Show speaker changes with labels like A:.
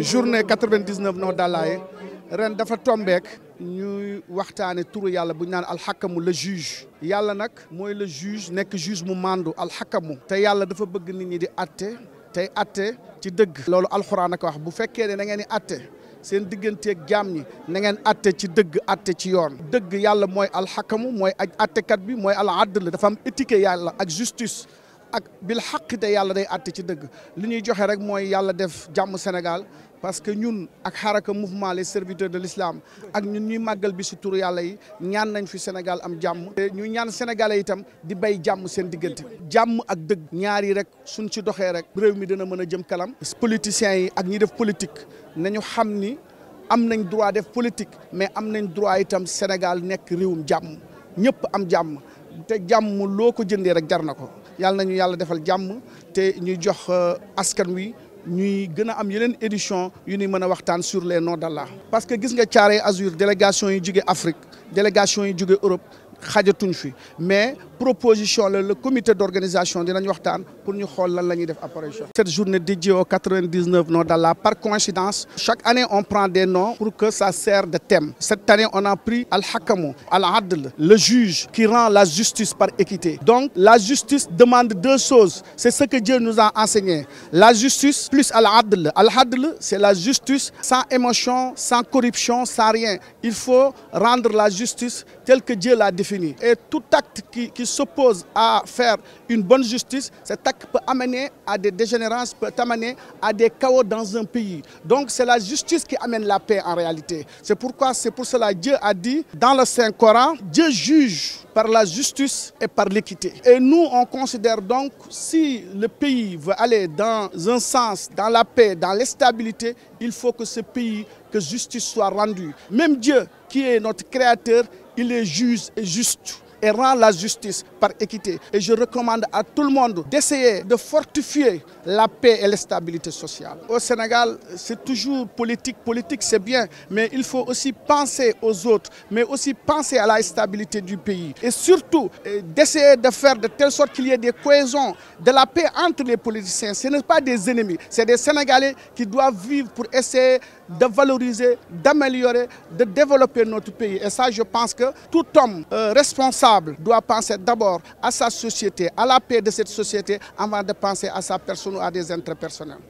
A: journée 99 noo dalaye ren dafa tombeek ñuy waxtaane turu yàlla bu ñu naan alxakamu le juge yàlla nag mooy le juge nekk juge mu màndu alxakamu te yàlla dafa bëgg nit ñi di atte tey atte ci dëgg loolu alxuraan ak wax bu fekkee ne da ngeen di atte seen digganteeg jaam ñi na ngeen atte ci dëgg atte ci yoon dëgg yàlla mooy alxakamu mooy aj attekat bi mooy al adl dafa am éthique yàlla ak justice ak bil xaq te yàlla day àtte ci dëgg li ñuy joxe rek mooy yàlla def jàmm Sénégal parce que ñun ak xaraka mouvement les serviteurs de l'islam ak ñun ñuy màggal bi si turu yàlla yi ñaan nañ fi Sénégal am jàmm ñu ñaan Sénégalais itam di bay jàmm seen diggante jàmm ak dëgg ñaar yi rek suñ ci doxee rek réew mi dana mën a jëm kanam politiciens yi ak ñu def politique nañu xam ni am nañ droit def politique mais am nañ droit itam Sénégal nekk réewum jàmm ñëpp am jàmm te jàmm loo ko jëndee rek jar na ko yàlla nañu yalla défal jamm té ñu jox euh, askan wi ñuy gëna am yeneen édition yu ñuy mëna waxtaan sur les noms d'Allah parce que gis nga Thiaroye Azur délégation yi jóge Afrique délégation yi jóge Europe mais proposition le comité d'organisation de pour nous faire la cette journée dédiée aux 99 noms d'Allah par coïncidence chaque année on prend des noms pour que ça serve de thème cette année on a pris Al-Hakamu Al-Adl le juge qui rend la justice par équité donc la justice demande deux choses c'est ce que Dieu nous a enseigné la justice plus Al-Adl Al-Adl c'est la justice sans émotion sans corruption sans rien il faut rendre la justice telle que Dieu l'a définie et tout acte qui, s'oppose à faire une bonne justice, cet acte peut amener à des dégénérances, peut amener à des chaos dans un pays. Donc c'est la justice qui amène la paix en réalité. C'est pourquoi, c'est pour cela Dieu a dit dans le Saint-Coran, Dieu juge par la justice et par l'équité. Et nous, on considère donc si le pays veut aller dans un sens, dans la paix, dans l'estabilité, il faut que ce pays, que justice soit rendue. Même Dieu, qui est notre créateur, il est juste et rend la justice par équité. Et je recommande à tout le monde d'essayer de fortifier la paix et la stabilité sociale. Au Sénégal, c'est toujours politique. Politique, c'est bien, mais il faut aussi penser aux autres, mais aussi penser à la stabilité du pays. Et surtout, euh, d'essayer de faire de telle sorte qu'il y ait des cohésions, de la paix entre les politiciens. Ce ne sont pas des ennemis, c'est des Sénégalais qui doivent vivre pour essayer de valoriser, d'améliorer, de développer notre pays. Et ça, je pense que tout homme euh, responsable doit penser d'abord à sa société, à la paix de cette société, avant de penser à sa personne ou à des intérêts personnels.